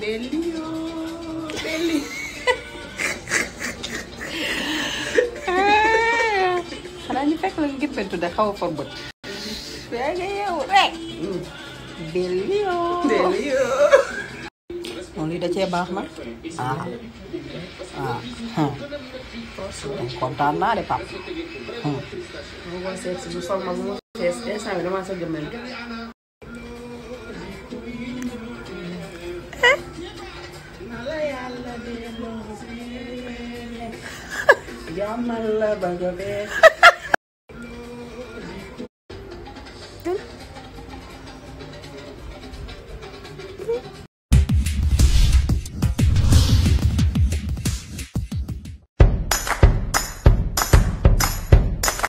belli yoo belli xanaa ñu fekk la nga géppantu de xaw a for bët yaa ngi yeewu da cee baax nag ah ah hmm. Hmm. kontaan de pap hmm. bu يا عم الله بقى